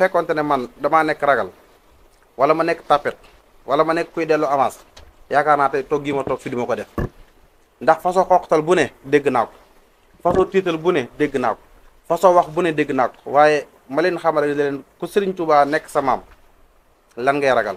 fekkonte ne man damaa nekk ragal wala ma nekk tapet wala ma nekk kuy dellu avance yaakaar naa te toog gi ma toog fi di ma ko def ndax fa façon xooqtal bu ne dégg naa ko façon tiital bu ne dégg naa ko façon wax bu ne dégg naa waaye ma leen xamal ne leen ku sëriñ Touba nekk sa maam lan ngay ragal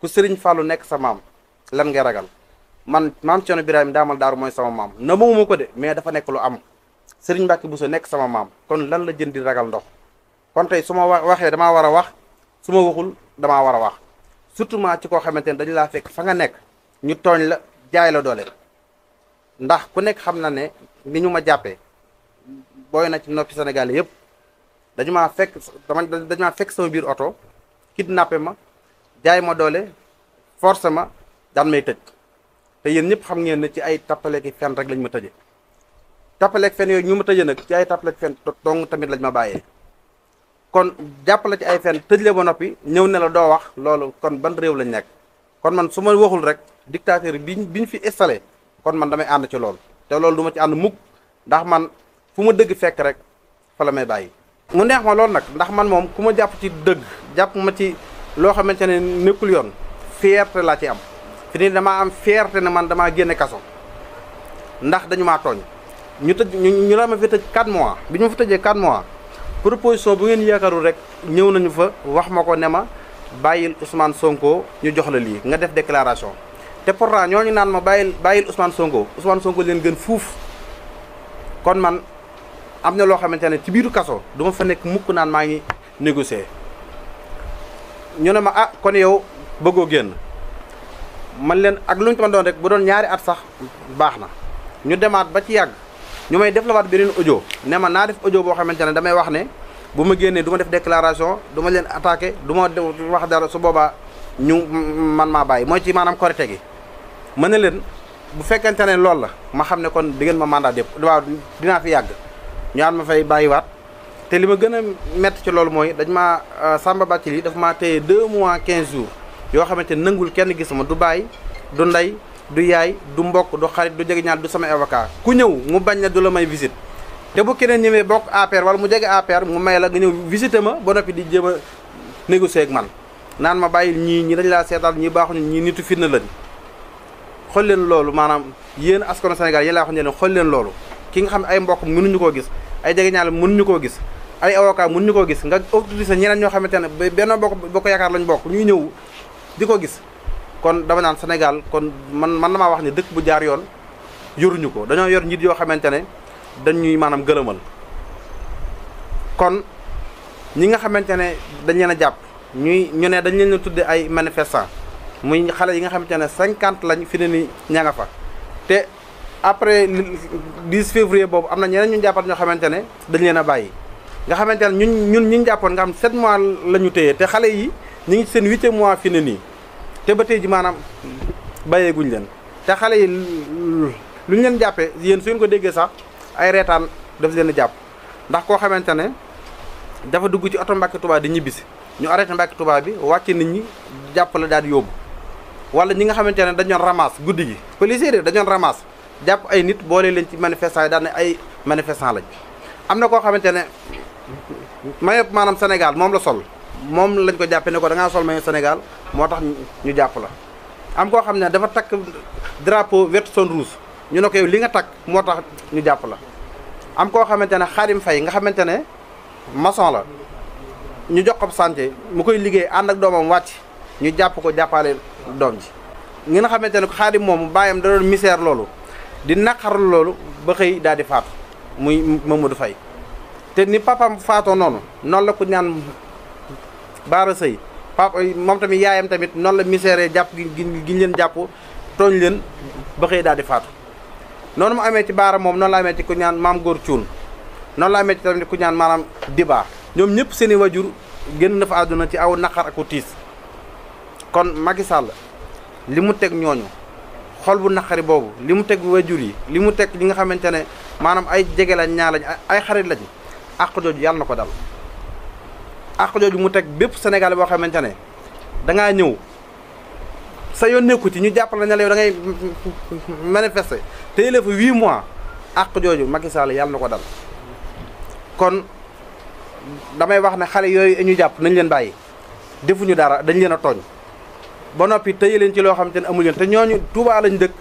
ku Serigne Fallou nekk sa maam lan ngay ragal man maam Thierno Birahim daamal daaru mooy sama maam na moomuma ko de mais dafa nekk lu am Serigne Mbacke Bousso nekk sama maam kon lan la jën di ragal ndox kon tey su ma waxee damaa war a wax su ma waxul damaa war a wax surtout ma ci koo xamante ne dañu laa fekk fa nga nekk ñu tooñ la jaay la doole ndax ku nekk xam na ne ni ñu ma jàppee booy na ci noppi Sénégal yépp dañu maa fekk dama dañu fekk sama biir oto kiit kidnappé ma jaay ma doole forcé ma daan may tëj te yen ñëpp xam ngeen ne ci ay tappaleeki fen rek lañ ma tëje tappaleek fen yooyu ñu ma tëje nag ci ay tappaleek fen dong tamit lañ ma bàyyee kon jàpp la ci ay fenn tëj la ba noppi ñëw ne la doo wax loolu kon ban réew lañ nekk kon man su ma waxul rek dictateur bi bi ñu fi installé kon man damay ànd ci loolu te loolu duma ci ànd mukk ndax man fu ma dëgg fekk rek fa la may bàyyi. mu neex ma loolu nag ndax man moom ku ma jàpp ci dëgg jàpp ma ci loo xamante ne nekkul yoon fierté laa ci am fi ni damaa am fierté ne man damaa génne kaso ndax dañu maa tooñ ñu tëj ñu ñu la ma fi tëj 4 mois bi ñu ma tëjee 4 mois. proposition bu ngeen yaakaarul rek ñëw nañu fa wax ma ko ne ma bàyyil Ousmane Sonko ñu jox la lii nga def déclaration te pourtant ñooñu naan ma bàyyil bàyyil Ousmane Sonko Ousmane Sonko leen gën fuuf kon man am na loo xamante ne ci biiru kaso du fa nekk mukk naan maa ngi négocier ñu ne ma ah kon yow bëggoo génn man leen ak lu ñu doon rek bu doon ñaari at sax baax na ñu demaat ba ci yàgg. ñu may def la waat beneen audio ne ma naa def audio boo xamante ne damay wax ne bu ma génnee du def déclaration duma leen attaqué du ma wax dara su boobaa ñu man maa bàyyi mooy ci maanaam korite gi mën na leen bu fekkente ne loolu la ma xam ne kon di ngeen ma mandat dépp waaw dinaa fi yàgg ñu aan ma fay bàyyiwaat te li ma gën a métti ci loolu mooy dañ ma euh, Samba Bathily dafa maa téye 2 mois quinze jours yoo xamante ne nangul kenn gis ma du bàyyi du nday du yaay du mbokk du xarit du jeg jegeñaal du sama avocat ku ñëw mu bañ la du la may visite te bu keneen ñëwee bokk APR wala mu jege APR mu may la nga ñëw visiter ma ba noppi di jéem a négocier ak man naan ma bàyyi ñii ñi dañ laa seetaan ñi baaxuñu ñi nitu fitna lañ xool leen loolu maanaam yéen askanu Sénégal yéen laa wax ne xool leen loolu ki nga xam ne ay mbokk mënuñu koo gis ay jegeñaal mënuñu koo gis ay avocat mënuñu koo gis nga autorisé ñeneen ñoo xamante ne benn bokk bokk yaakaar lañ bokk ñuy ñëw di ko gis kon dama naan Sénégal kon man man na maa wax ne dëkk bu jaar yoon yoruñu ko dañoo yor njiit yoo xamante ne dañuy maanaam gëlëmal kon ñi nga xamante ne dañ leen a jàpp ñuy ñu ne dañ leen a tudde ay manifestant muy xale yi nga xamante ne cinquante lañ fi ne ni ña nga fa te après dis février boobu am na ñeneen ñu jàppal ñoo xamante ne dañ leen a bàyyi nga xamante ne ñun ñun ñu jàppoon nga xam 7 mois la ñu te xale yi ñu ngi seen 8 mois fi ne nii te ba tey ji maanaam bàyyeeguñ leen te xale yi lu ñu leen jàppee yéen su ngeen ko déggee sax ay reetaan daf leen jàpp ndax koo xamante ne dafa dugg ci oto Mbàkke Tuubaa di ñibbisi ñu arrêté Mbàkke tubaab bi wàcce nit ñi jàpp la daal di yóbbu wala ñi nga xamante ne dañoon ramasse guddi gi policier de dañoon ramasse jàpp ay nit boole leen ci manifestant yi daan ne ay manifestant lañ am na koo xamante ne mayëpp maanaam Sénégal moom la sol moom lañ ko jàppee ne ko da sol maillot Sénégal moo tax ñu jàpp la am koo xam ne dafa takk drapeau vert jaune ñu ne li nga takk moo tax ñu jàpp la am koo xamante ne Xaadim Fay nga xamante ne mason la ñu jox ko santé mu koy liggéey ànd ak doomam wàcc ñu jàpp ko jàppaale doom ji ngi nga xamante ne Xaadim moom mu baayam da doon misère loolu di naqarlu loolu ba xëy daal di faatu muy du Fay te ni papam faatoo noonu noonu la ñaan baara sëy papa moom tamit yaayam tamit noonu la misère jàpp gi giñ leen jàpp tooñ leen ba xëy daal di faatu noonu mu amee ci baara moom noonu la amee ci ku ñaan maam góor cuun noonu la amee ci tamit ku ñaan maanaam dibaa ñoom ñëpp seeni i wajur génn na fa àdduna ci aw naqar ak tiis kon Macky Sall li mu teg ñooñu xol bu naqari boobu li mu teg wajur yi li mu teg li nga xamante ne maanaam ay jege lañ ñaa lañ ay xarit lañ àq jooju yàlla na ko dal àq jooju mu teg bépp Sénégal boo xamante ne dangaa ñëw sa yoon nekku ci ñu jàppale ne la yow da ngay manifester tey mois àq jooju Macky Sall yàlla na ko dal kon damay wax ne xale yooyu ñu jàpp nañ leen bàyyi defuñu dara dañ leen a tooñ ba noppi tëye leen ci loo xamante ne amuñu leen te ñooñu Touba lañ dëkk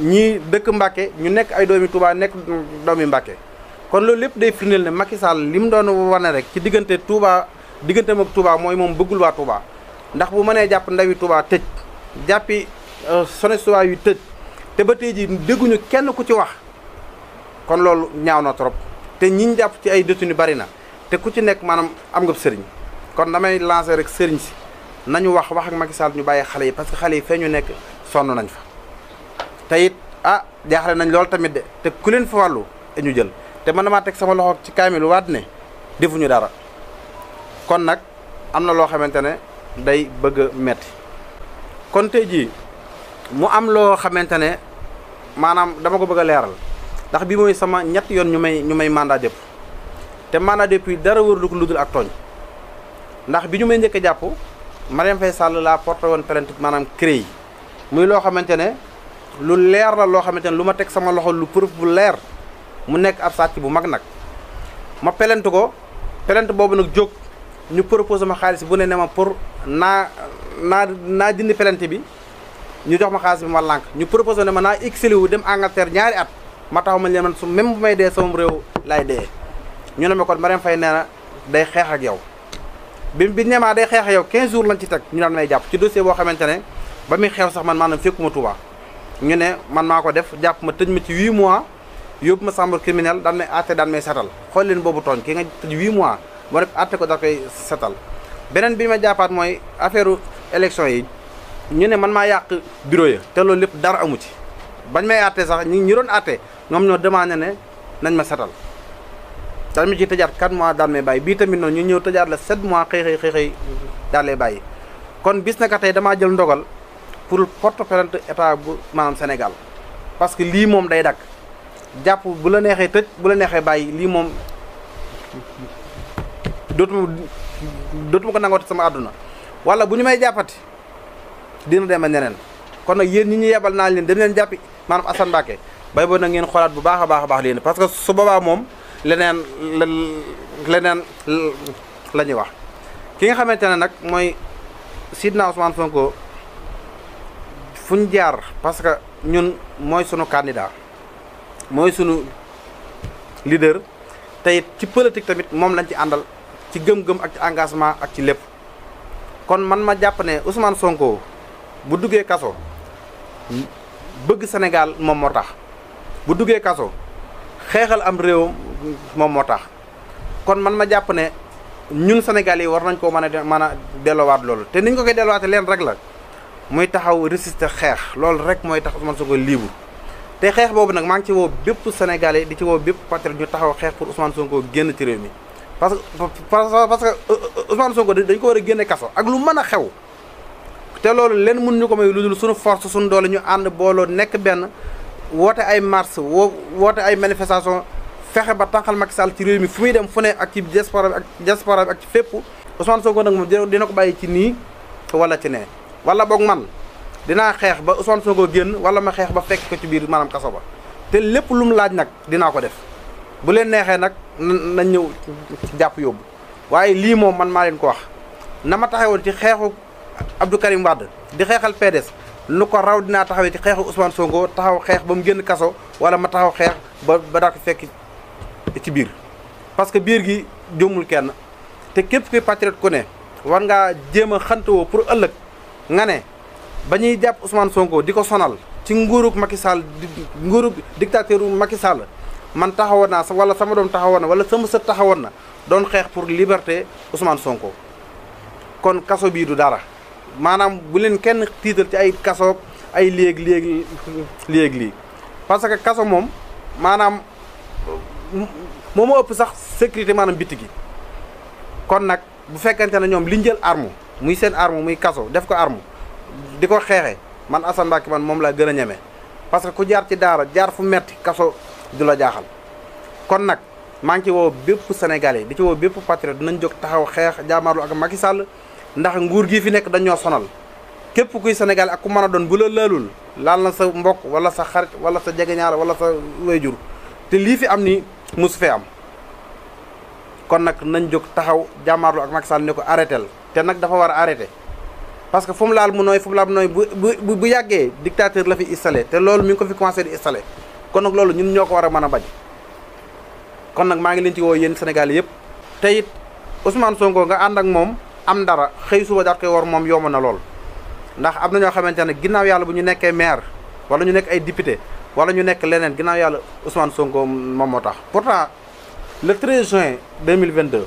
ñii dëkk Mbacke ñu nekk ay doomi Touba nekk doomi Mbacke kon loolu lépp day firndeel ne Macky Sall li mu doon wane rek ci diggante Touba diggante ak Touba mooy moom bëggul waa Touba ndax bu mënee jàpp ndawi Touba tëj jàppi euh, sone Touba yu tëj te ba tey ji dégguñu kenn ku ci wax kon loolu ñaaw na trop te ñiñ jàpp ci ay détenu bari na te ku ci nekk maanaam am nga sëriñ kon damay lancer rek sëriñ si nañu wax wax ak Macky Sall ñu bàyyi xale yi parce que xale yi fee ñu nekk sonn nañ fa te it ah jaaxle nañ lool tamit de te ku leen fa wàllu ñu jël te man damaa teg sama loxo ci kaamil waat ne defuñu dara kon nag am na loo xamante ne day bëgg a metti kon tey jii mu am loo xamante ne maanaam dama ko bëgg a leeral ndax bi mooy sama ñett yoon ñu may ñu may mandat dépôt te mandat dépôt yi dara wër lu ko ludul ak tooñ ndax bi ñu may njëkk jàpp Marième Faye Sall laa porté woon plainte maanaam CREI muy loo xamante ne lu leer la loo xamante ne lu ma teg sama loxo lu preuve bu leer mu nekk ab sàcc bu mag nag ma pelent ko pelent boobu nag jóg ñu proposé ma xaalis bu ne ne ma pour naa naa naa dindi pelente bi ñu jox ma xaalis bi ma lànk ñu proposé ne ma naa exilé wu dem Angleterre ñaari at ma taxaw ma leen man su même bu may dee sama réew laay dee ñu ne ma kon Marème Faye nee na day xeex ak yow bi bi ñemaa day xeex ak yow 15 jours lañ ci teg ñu daan may jàpp ci dossier boo xamante ne ba muy xew sax man maanaam fekkuma Touba ñu ne man maa ko def jàpp ma tëj ma ci 8 mois yóbbu ma chambre criminelle daan may àtte daan may setal xool leen boobu tooñ ki nga tëj huit mois ba nag àtte ko da koy setal beneen bii ma jàppaat mooy affaire élection yi ñu ne man maa yàq bureau ya te loolu lépp dara amu ci bañ may ate sax ñi ñi doon àtte ñoom ñoo demandé ne nañ ma setal daan ma ci tëjaat 4 mois daan may bàyyi bii tamit noonu ñu ñëw tëjaat la 7 mois xëy xëy xëy xëy daan lay bàyyi kon bis naka tey damaa jël ndogal pour porte plainte état bu maam Sénégal parce que lii moom day dakk jàpp bu la neexee tëj bu la neexee bàyyi lii moom dootuma dootuma ko nangooti sama àdduna wala bu ñu may jàppati dina deme neneen kon nag yéen ñi ñu yebal naa leen dem leen jàppi maanaam Assane Mbacké bay boo na ngeen xoolaat bu baax a baax a baax parce que su boobaa moom leneen leneen la ñuy wax ki nga xamante ne nag mooy Sidna Ousmane Sonko fu ñu jaar parce que ñun mooy sunu candidat mooy sunu leader tey ci politique tamit moom lañ ci àndal ci gëm-gëm ak ci engagement ak ci lépp kon man ma jàpp ne Ousmane Sonko bu duggee kaso bëgg Sénégal moom moo tax bu duggee kaso xeexal am réew moom moo tax kon man ma jàpp ne ñun Sénégal yi war nañ koo mën a mën a delloowaat te niñ ko koy dellowaat leen rek la muy taxaw résister xeex loolu rek mooy tax Ousmane Sonko liibu te xeex boobu nag maa ngi ci woo bépp sénégalais di ci woo bépp patriote ñu taxaw xeex pour Ousmane Sonko génn ci réew mi parce que parce que euh, euh, Ousmane Sonko dañ ko war a génne kaso ak lu mën a xew te loolu leen mun ñu ko may lu dul sunu force suñu doole ñu ànd booloo nekk benn woote ay marche woo woote ay manifestation fexe ba tànqal Macky Sall ci réew mi fu muy dem fu ne ak ci diaspora bi ak diaspora ci fépp Ousmane Sonko nag moom dina ko bàyyi ci nii wala ci nee wala boog man dinaa xeex ba Ousmane Sonko génn wala ma xeex ba fekk ko ci biir maanaam kaso ba te lépp lu mu laaj nag dinaa ko def bu leen neexee nag nañ ñëw jàpp yóbbu waaye lii moom man maa leen ko wax na ma ci xeexu Abdou Karim Wade di xeexal PDS lu ko raw dinaa taxawe ci xeexu Ousmane Sonko taxaw xeex ba mu génn kaso wala ma taxaw xeex ba ba daa fekk ci biir parce que biir gi jóomul kenn te képp kuy patriote ku ne war ngaa jéem a xantewoo pour ëllëg nga ne ba ñuy jàpp Ousmane Sonko di ko sonal ci nguurug Macky Sall di nguurug dictateur Macky Sall man taxawoon naa sa wala sama doom taxawoon na wala sama sët taxawoon na doon xeex pour liberté Ousmane Sonko kon kaso bii du dara maanaam bu leen kenn tiital ci ay kaso ay léeg-léeg léeg lii parce que kaso moom maanaam moo ëpp sax sécurité maanaam bitti gi kon nag bu fekkente ne ñoom liñ jël arme muy seen armo muy kaso def ko arme di ko xeexee man Assane Mbacké man moom laa gën a ñeme parce que ku jaar ci daara jaar fu metti kaso du la jaaxal kon nag maa ngi ci woo bépp sénégalais di ci woo bépp patriote dinañ jóg taxaw xeex jaamaarlu ak Macky Sall ndax nguur gi fi nekk dañoo sonal képp kuy sénégal ak ku mën a doon bu la laalul laal na sa mbokk wala sa xarit wala sa jegeñaar wala sa wayjur te lii fi am ni musu fee am kon nag nañ jóg taxaw jàmmaarlu ak Macky Sall ne ko arrêté te nag dafa war a arrêté parce que fu laal mu nooy fu mu laal mu nooy bu bu yàggee dictateur la fi installé te loolu mi ko fi commencé di kon nag loolu ñun ñoo ko war a mën a bañ kon nag maa ngi leen ci woo yéen Sénégal yëpp teyit it Ousmane Sonko nga ànd ak moom am dara xëy suba daat koy war moom yomb na lool. ndax am na ñoo xamante ne ginnaaw yàlla bu ñu nekkee maire wala ñu nekk ay député wala ñu nekk leneen ginnaaw yàlla Ousmane Sonko moom moo tax pourtant le 13 juin 2022.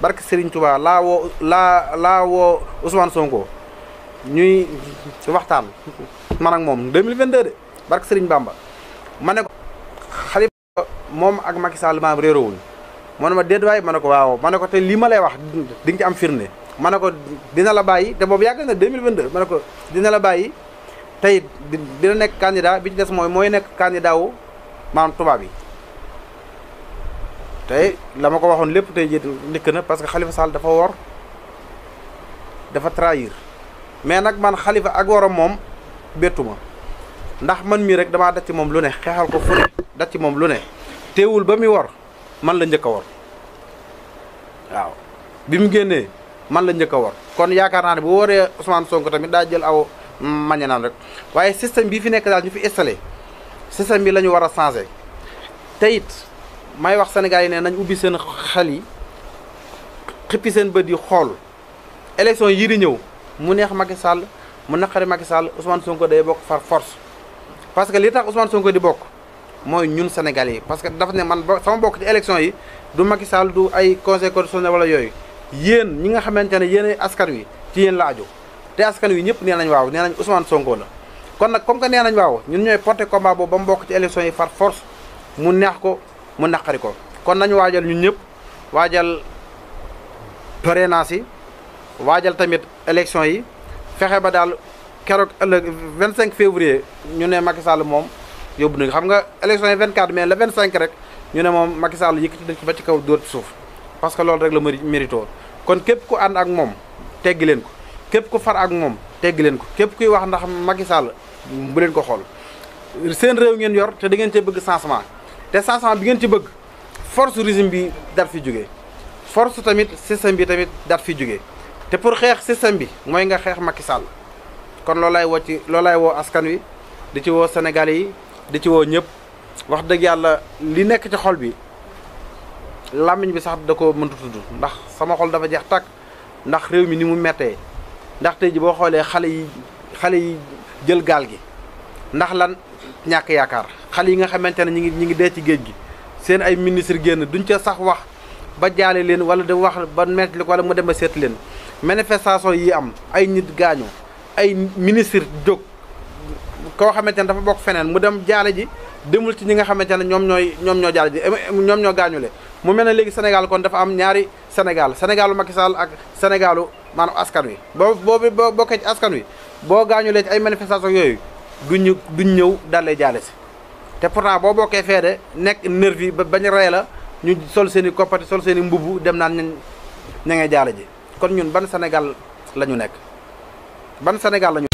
barke Serigne Touba laa woo laa laa woo Ousmane Sonko ñuy waxtaan man ak moom 2022 de barke Serigne Bamba ma ne ko Khalifa moom ak Macky Sall maam réeroowuñ ma ne ma déet waay ma ne ko waaw ma ne ko lii ma lay wax ding ci am firnde ma ne ko dina la bàyyi te boobu yàgg na 2022 ma ne ko dina la bàyyi tey dina nekk candidat bi ci des mooy mooy nekk candidat wu maanaam tubaab yi. tey lama ko waxoon lépp tey jii ndikk na parce que Khalifa Sall dafa wor dafa trahir mais nag man xalifa ak waram moom bettu ma ndax man mii rek damaa daj ci moom lu ne xeexal ko fu ne daj ci moom lu ne teewul ba muy wor man la njëkk wor waaw bi mu génnee man la njëkk wor kon yaakaar naa ne bu waree Ousmane Sonko tamit daa jël aw mañanaan rek waaye système bii fi nekk daal ñu fi installé système bi lañu ñu war a changé te may wax Sénégal yi ne nañ ubbi seen xel yi xippi seen bët yi xool élection yii di ñëw mu neex Macky Sall mu naqari Macky Sall Ousmane Sonko day bokk far force parce que li tax Ousmane Sonko di bokk mooy ñun Sénégal yi parce que dafa ne man sama bokk ci élection yi du Macky Sall du ay conseil constitutionnel wala yooyu yéen ñi nga xamante ne yéen askan wi ci yéen la aju te askan wi ñëpp nee nañ waaw nee nañ Ousmane Sonko la kon nag comme que nee nañ waaw ñun ñooy porté combat ba mu bokk yi far force mu neex ko mu naqari ko kon nañu waajal ñu ñëpp waajal parrainage yi waajal tamit élection yi fexe ba daal keroog ëllëg 25 février ñu ne Macky moom yóbbu nañu xam nga élection yi 24 mais la vingt cinq rek ñu ne moom Macky Sall yëkkati nañ ko ba ci kaw dóor suuf parce que loolu rek la mérito kon képp ku ànd ak moom teggi leen ko képp ku far ak moom teggi leen ko képp kuy wax ndax Macky Sall bu leen ko xool seen réew ngeen yor te da ngeen cee bëgg changement te sasan bi ngeen ci bëgg force régime bi dat fi jóge force tamit système bi tamit dat fi jóge te pour xeex système bi mooy nga xeex Macky Sall kon loolaay woo ci loolaay woo askan wi di ci woo Sénégalais yi di ci woo ñëpp wax dëgg yàlla li nekk ci xol bi làmmiñ bi sax da ko mëntu tudd ndax sama xol dafa jeex tàkk ndax réew mi ni mu mettee ndax te ji boo xoolee xale yi xale yi jël gaal gi ndax lan ñàkk yaakaar xale yi nga xamante ne ñi ngi ñi ngi dee ci géej gi seen ay ministre génn duñ ca sax wax ba jaale leen wala di wax ba metti wala mu dem ba seet leen manifestation yi am ay nit gaañu ay ministre jóg koo xamante ne dafa bokk feneen mu dem jaale ji demul ci ñi nga xamante ne ñoom ñooy ñoom ñoo jaale ji eh, ñoom ñoo gaañule mu mel ne léegi Sénégal kon dafa am ñaari Sénégal Sénégalu Macky Sall ak Sénégalu maanaam askan wi boo boo boo bokkee ci askan wi boo gaañulee ci ay manifestation yooyu duñu duñ ñëw daal lay jaale si te pourtant boo bokkee feede nekk nervi ba bañ reyee la ñu sol seen i koppati sol seeni i mbubb dem naa ña ña ngay jaale ji kon ñun ban Sénégal la nekk ban Sénégal la